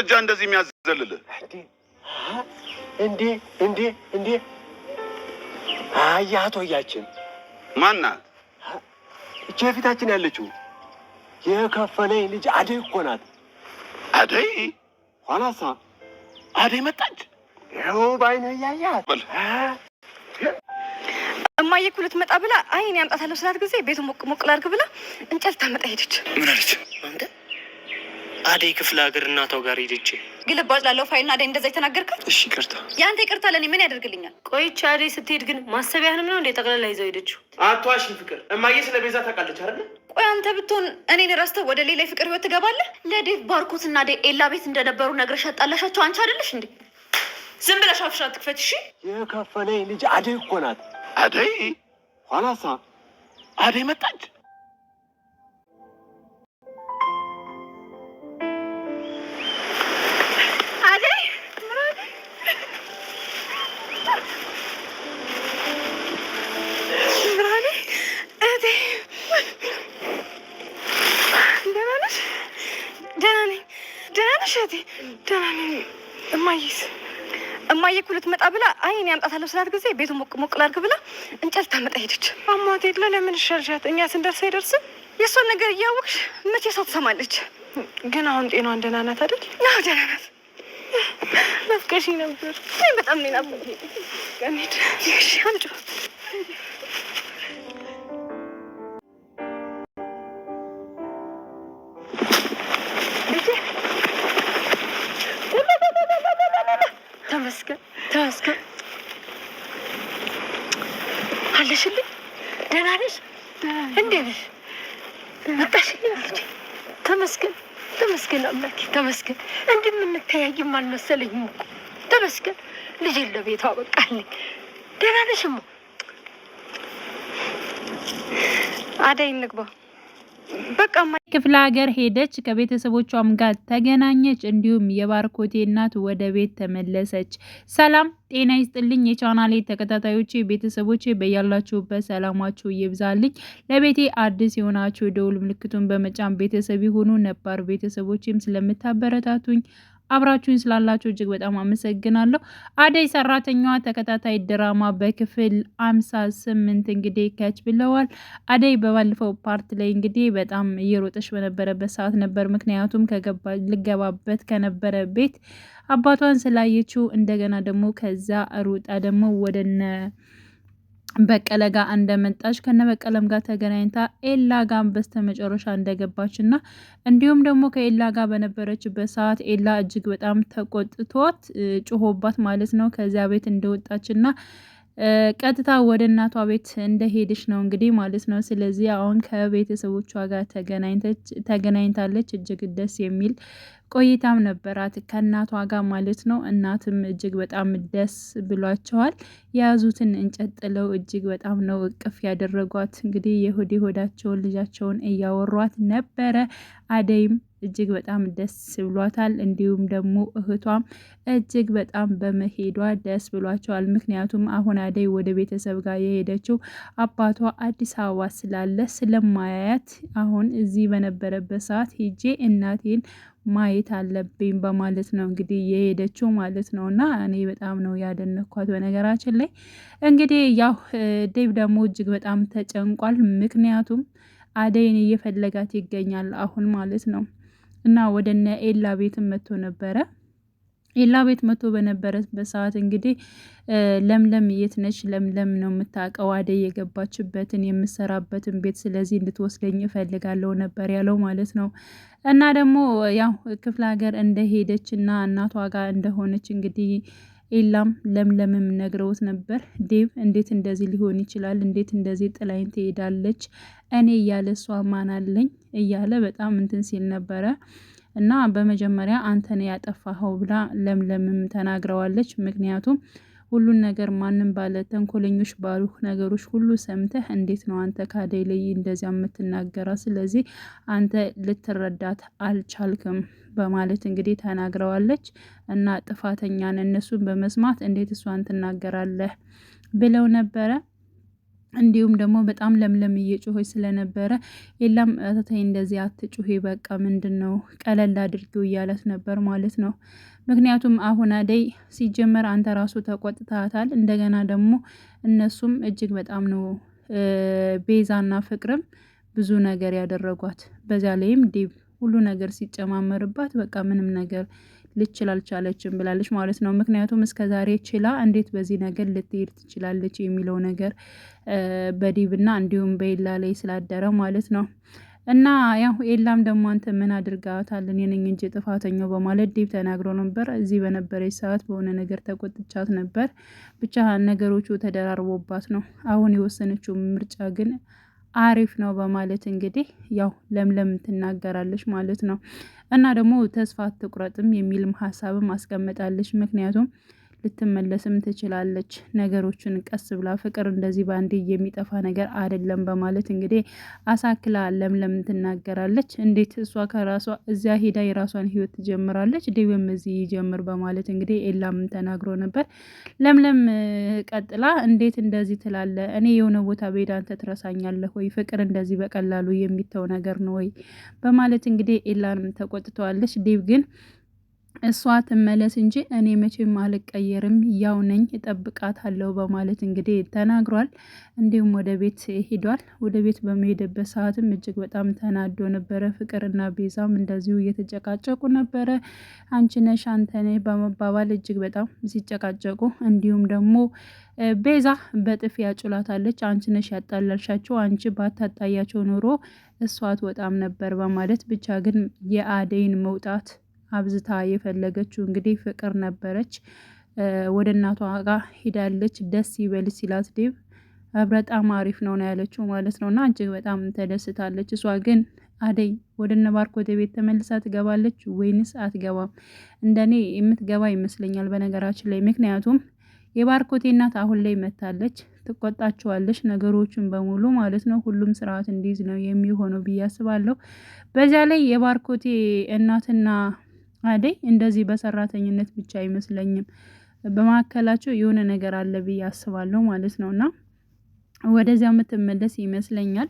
ማስጠጃ እንደዚህ የሚያዘልል እንዴ? እንዴ? እንዴ? አያቶያችን ማናት? እቺ የፊታችን ያለችው የከፈለኝ ልጅ አደይ እኮ ናት። አደይ ኋላሳ አደይ መጣች። ይኸው በአይነ እያያት እማዬ እኮ ልትመጣ ብላ አይን ያምጣታለሁ ስላት ጊዜ ቤቱ ሞቅ ሞቅ ላድርግ ብላ እንጨት ታመጣ ሄደች። ምን አለች? አደይ ክፍለ ሀገር እናታው ጋር ሄደች። ግልባጭ ላለው ፋይልና አደይ እንደዛ የተናገርካት? እሺ ይቅርታ። የአንተ ይቅርታ ለእኔ ምን ያደርግልኛል? ቆይቼ አደይ ስትሄድ ግን ማሰቢያህንም ነው እንዴ ጠቅላላ ይዘው ሄደችው? አቷሽ ፍቅር እማዬ ስለ ቤዛ ታውቃለች አይደለ? ቆይ አንተ ብትሆን እኔን ረስተው ወደ ሌላ የፍቅር ህይወት ትገባለህ? ለዴቭ ባርኮትና አደይ ኤላ ቤት እንደነበሩ ነግረሽ ያጣላሻቸው አንቺ አይደለሽ እንዴ? ዝም ብለሽ አፍሽን ትክፈት። እሺ። የከፈለኝ ልጅ አደይ እኮ ናት። አደይ ኋላሳ አደይ መጣች እማዬስ ብላ አይ እኔ አምጣታለሁ ስላት ጊዜ ቤቱ ሞቅ ሞቅ ላድርግ ብላ እንጨት ታመጣ ሄደች። አሟት የለ ለምን ሸርሻት እኛ ስንደርስ አይደርስም። የእሷን ነገር እያወቅሽ መቼ ሰው ትሰማለች። ግን አሁን ጤናዋን ደህና ናት አይደል? ደህና ናት። ናፍቀሽ ነበር። በጣም ናፍቀሽ ተመስገን ተመስገን። አለሽልኝ? ደህና ነሽ? እንዴት ነሽ? መጣሽልኝ? ተመስገን ተመስገን አምላኪ ተመስገን። እንደምንተያይም አልመሰለኝም እኮ ተመስገን። ልጅ ለቤቷ በቃልኝ። ደህና ነሽማ? አደይ እንግባ በቃ ክፍለ ሀገር ሄደች፣ ከቤተሰቦቿም ጋር ተገናኘች። እንዲሁም የባርኮቴ እናት ወደ ቤት ተመለሰች። ሰላም ጤና ይስጥልኝ የቻናሌ ተከታታዮች ቤተሰቦች በያላችሁበት ሰላማችሁ ይብዛልኝ። ለቤቴ አዲስ የሆናችሁ የደውል ምልክቱን በመጫን ቤተሰብ የሆኑ ነባር ቤተሰቦችም ስለምታበረታቱኝ አብራችሁኝ ስላላችሁ እጅግ በጣም አመሰግናለሁ። አደይ ሰራተኛዋ ተከታታይ ድራማ በክፍል አምሳ ስምንት እንግዲህ ከች ብለዋል። አደይ በባለፈው ፓርት ላይ እንግዲህ በጣም እየሮጠች በነበረበት ሰዓት ነበር። ምክንያቱም ልገባበት ከነበረ ቤት አባቷን ስላየችው እንደገና ደግሞ ከዛ ሩጣ ደግሞ ወደነ በቀለ ጋር እንደመጣች ከነ በቀለም ጋር ተገናኝታ ኤላ ጋር በስተመጨረሻ እንደገባች እና እንዲሁም ደግሞ ከኤላ ጋር በነበረችበት ሰዓት ኤላ እጅግ በጣም ተቆጥቷት ጩሆባት ማለት ነው ከዚያ ቤት እንደወጣች እና ቀጥታ ወደ እናቷ ቤት እንደሄደች ነው እንግዲህ ማለት ነው። ስለዚህ አሁን ከቤተሰቦቿ ጋር ተገናኝታለች። እጅግ ደስ የሚል ቆይታም ነበራት ከእናቷ ጋር ማለት ነው። እናትም እጅግ በጣም ደስ ብሏቸዋል። የያዙትን እንጨት ጥለው እጅግ በጣም ነው እቅፍ ያደረጓት። እንግዲህ የሆዴ ሆዳቸውን ልጃቸውን እያወሯት ነበረ። አደይም እጅግ በጣም ደስ ብሏታል። እንዲሁም ደግሞ እህቷም እጅግ በጣም በመሄዷ ደስ ብሏቸዋል። ምክንያቱም አሁን አደይ ወደ ቤተሰብ ጋር የሄደችው አባቷ አዲስ አበባ ስላለ ስለማያያት አሁን እዚህ በነበረበት ሰዓት ሄጄ እናቴን ማየት አለብኝ በማለት ነው እንግዲህ የሄደችው ማለት ነው። እና እኔ በጣም ነው ያደነኳት። በነገራችን ላይ እንግዲህ ያው ዴብ ደግሞ እጅግ በጣም ተጨንቋል። ምክንያቱም አደይን እየፈለጋት ይገኛል አሁን ማለት ነው። እና ወደ እነ ኤላ ቤትም መጥቶ ነበረ። ኤላ ቤት መጥቶ በነበረበት ሰዓት እንግዲህ ለምለም የት ነች? ለምለም ነው የምታውቀው አደይ የገባችበትን የምሰራበትን ቤት፣ ስለዚህ እንድትወስደኝ እፈልጋለሁ ነበር ያለው ማለት ነው። እና ደግሞ ያው ክፍለ ሀገር እንደሄደች እና እናቷ ጋር እንደሆነች እንግዲህ ኤላም ለምለምም ነግረውት ነበር። ዴቭ እንዴት እንደዚህ ሊሆን ይችላል? እንዴት እንደዚህ ጥላይን ትሄዳለች? እኔ እያለ እሷ ማን አለኝ እያለ በጣም እንትን ሲል ነበረ እና በመጀመሪያ አንተን ያጠፋኸው ብላ ለምለምም ተናግረዋለች። ምክንያቱም ሁሉን ነገር ማንም ባለ ተንኮለኞች ባሉ ነገሮች ሁሉ ሰምተህ እንዴት ነው አንተ ካደይ ላይ እንደዚያ የምትናገራ? ስለዚህ አንተ ልትረዳት አልቻልክም በማለት እንግዲህ ተናግረዋለች። እና ጥፋተኛን እነሱን በመስማት እንዴት እሷን ትናገራለህ ብለው ነበረ። እንዲሁም ደግሞ በጣም ለምለም እየጮሆች ስለነበረ የላም ተተይ እንደዚህ አትጩሄ፣ በቃ ምንድን ነው ቀለል አድርጊው እያለት ነበር ማለት ነው። ምክንያቱም አሁን አደይ ሲጀመር አንተ ራሱ ተቆጥታታል። እንደገና ደግሞ እነሱም እጅግ በጣም ነው ቤዛና ፍቅርም ብዙ ነገር ያደረጓት፣ በዛ ላይም ዲብ ሁሉ ነገር ሲጨማመርባት በቃ ምንም ነገር ልችል አልቻለችም ብላለች ማለት ነው። ምክንያቱም እስከ ዛሬ ችላ እንዴት በዚህ ነገር ልትሄድ ትችላለች የሚለው ነገር በዲብና እንዲሁም በኤላ ላይ ስላደረ ማለት ነው። እና ያው ኤላም ደግሞ አንተ ምን አድርጋታል? እኔ ነኝ እንጂ ጥፋተኛው በማለት ዲብ ተናግሮ ነበር። እዚህ በነበረች ሰዓት በሆነ ነገር ተቆጥቻት ነበር። ብቻ ነገሮቹ ተደራርቦባት ነው አሁን የወሰነችው ምርጫ ግን አሪፍ ነው በማለት እንግዲህ ያው ለምለም ትናገራለች ማለት ነው። እና ደግሞ ተስፋ አትቁረጥም የሚልም ሀሳብም አስቀምጣለች። ምክንያቱም ልትመለስም ትችላለች። ነገሮችን ቀስ ብላ ፍቅር እንደዚህ በአንዴ የሚጠፋ ነገር አይደለም በማለት እንግዲህ አሳክላ ለምለም ትናገራለች። እንዴት እሷ ከራሷ እዚያ ሄዳ የራሷን ህይወት ትጀምራለች፣ ዴብም እዚህ ይጀምር በማለት እንግዲህ ኤላም ተናግሮ ነበር። ለምለም ቀጥላ እንዴት እንደዚህ ትላለ? እኔ የሆነ ቦታ በሄድ አንተ ትረሳኛለህ ወይ? ፍቅር እንደዚህ በቀላሉ የሚተው ነገር ነው ወይ? በማለት እንግዲህ ኤላንም ተቆጥተዋለች። ዴብ ግን እሷ ትመለስ እንጂ እኔ መቼም አልቀየርም፣ ያው ነኝ፣ እጠብቃታለሁ በማለት እንግዲህ ተናግሯል። እንዲሁም ወደ ቤት ሄዷል። ወደ ቤት በመሄደበት ሰዓትም እጅግ በጣም ተናዶ ነበረ። ፍቅርና ቤዛም እንደዚሁ እየተጨቃጨቁ ነበረ። አንቺ ነሽ አንተ ነህ በመባባል እጅግ በጣም ሲጨቃጨቁ፣ እንዲሁም ደግሞ ቤዛ በጥፊ ያጩላታለች። አንቺ ነሽ ያጣላልሻቸው፣ አንቺ ባታጣያቸው ኖሮ እሷ አትወጣም ነበር በማለት ብቻ ግን የአደይን መውጣት አብዝታ የፈለገችው እንግዲህ ፍቅር ነበረች። ወደ እናቷ ጋር ሄዳለች። ደስ ይበል ሲላት ዴቭ በጣም አሪፍ ነው ነው ያለችው ማለት ነው። እና እጅግ በጣም ተደስታለች። እሷ ግን አደይ ወደ እነ ባርኮት ቤት ተመልሳ ትገባለች ወይንስ አትገባም? እንደኔ የምትገባ ይመስለኛል በነገራችን ላይ ምክንያቱም የባርኮቴ እናት አሁን ላይ መታለች፣ ትቆጣቸዋለች ነገሮችን በሙሉ ማለት ነው። ሁሉም ስርዓት እንዲይዝ ነው የሚሆነው ብዬ አስባለሁ። በዚያ ላይ የባርኮቴ እናትና አደይ እንደዚህ በሰራተኝነት ብቻ አይመስለኝም። በመካከላቸው የሆነ ነገር አለ ብዬ አስባለሁ ማለት ነው እና ወደዚያ የምትመለስ ይመስለኛል።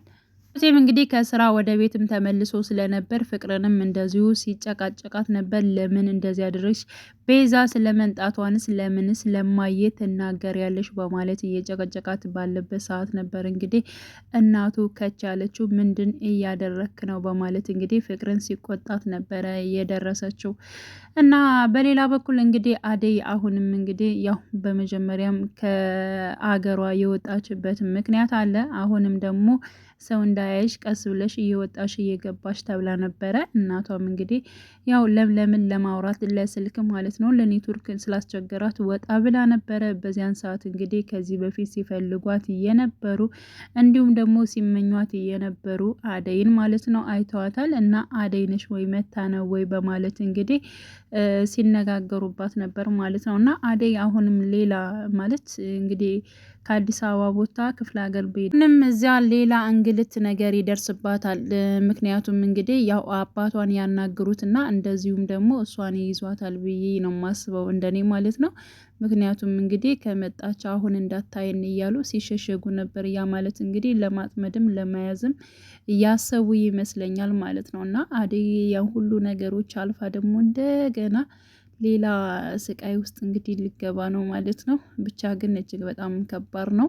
ሴም እንግዲህ ከስራ ወደ ቤትም ተመልሶ ስለነበር ፍቅርንም እንደዚሁ ሲጨቃጨቃት ነበር። ለምን እንደዚህ አድርሽ ቤዛ ስለመንጣቷንስ ለምንስ ለማየት ትናገር ያለሽ በማለት እየጨቀጨቃት ባለበት ሰዓት ነበር እንግዲህ እናቱ ከች ያለችው ምንድን እያደረክ ነው በማለት እንግዲህ ፍቅርን ሲቆጣት ነበረ የደረሰችው እና በሌላ በኩል እንግዲህ አደይ አሁንም እንግዲህ ያው በመጀመሪያም ከአገሯ የወጣችበት ምክንያት አለ። አሁንም ደግሞ ሰው እንዳያይሽ ቀስ ብለሽ እየወጣሽ እየገባሽ ተብላ ነበረ። እናቷም እንግዲህ ያው ለምለምን ለማውራት ለስልክ ማለት ነው ለኔትወርክ ስላስቸገራት ወጣ ብላ ነበረ። በዚያን ሰዓት እንግዲህ ከዚህ በፊት ሲፈልጓት እየነበሩ እንዲሁም ደግሞ ሲመኟት እየነበሩ አደይን ማለት ነው አይተዋታል። እና አደይነሽ ወይ መታ ነው ወይ በማለት እንግዲህ ሲነጋገሩባት ነበር ማለት ነው። እና አደይ አሁንም ሌላ ማለት እንግዲህ ከአዲስ አበባ ቦታ ክፍለ ሀገር ብሄድ እዚያ ሌላ እንግዲህ እንግልት ነገር ይደርስባታል። ምክንያቱም እንግዲህ ያው አባቷን ያናግሩትና እንደዚሁም ደግሞ እሷን ይዟታል ብዬ ነው የማስበው እንደኔ ማለት ነው። ምክንያቱም እንግዲህ ከመጣች አሁን እንዳታየን እያሉ ሲሸሸጉ ነበር። ያ ማለት እንግዲህ ለማጥመድም ለመያዝም እያሰቡ ይመስለኛል ማለት ነው። እና አደይ ያን ሁሉ ነገሮች አልፋ ደግሞ እንደገና ሌላ ስቃይ ውስጥ እንግዲህ ልገባ ነው ማለት ነው። ብቻ ግን እጅግ በጣም ከባድ ነው።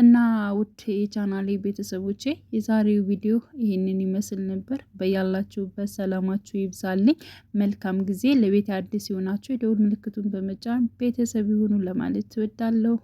እና ውድ የቻናሌ ቤተሰቦቼ የዛሬው ቪዲዮ ይህንን ይመስል ነበር። በያላችሁበት ሰላማችሁ ይብዛልኝ። መልካም ጊዜ። ለቤት አዲስ የሆናችሁ የደውል ምልክቱን በመጫን ቤተሰብ ይሁኑ ለማለት ትወዳለሁ።